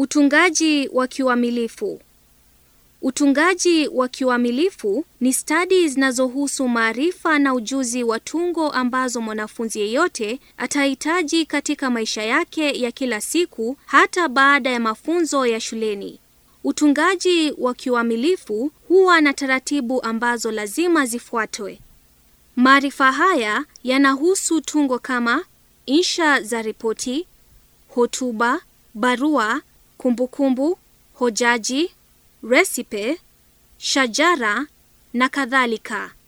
Utungaji wa kiuamilifu. Utungaji wa kiuamilifu ni stadi zinazohusu maarifa na ujuzi wa tungo ambazo mwanafunzi yeyote atahitaji katika maisha yake ya kila siku hata baada ya mafunzo ya shuleni. Utungaji wa kiuamilifu huwa na taratibu ambazo lazima zifuatwe. Maarifa haya yanahusu tungo kama insha za ripoti, hotuba, barua kumbukumbu, hojaji, resipe, shajara na kadhalika.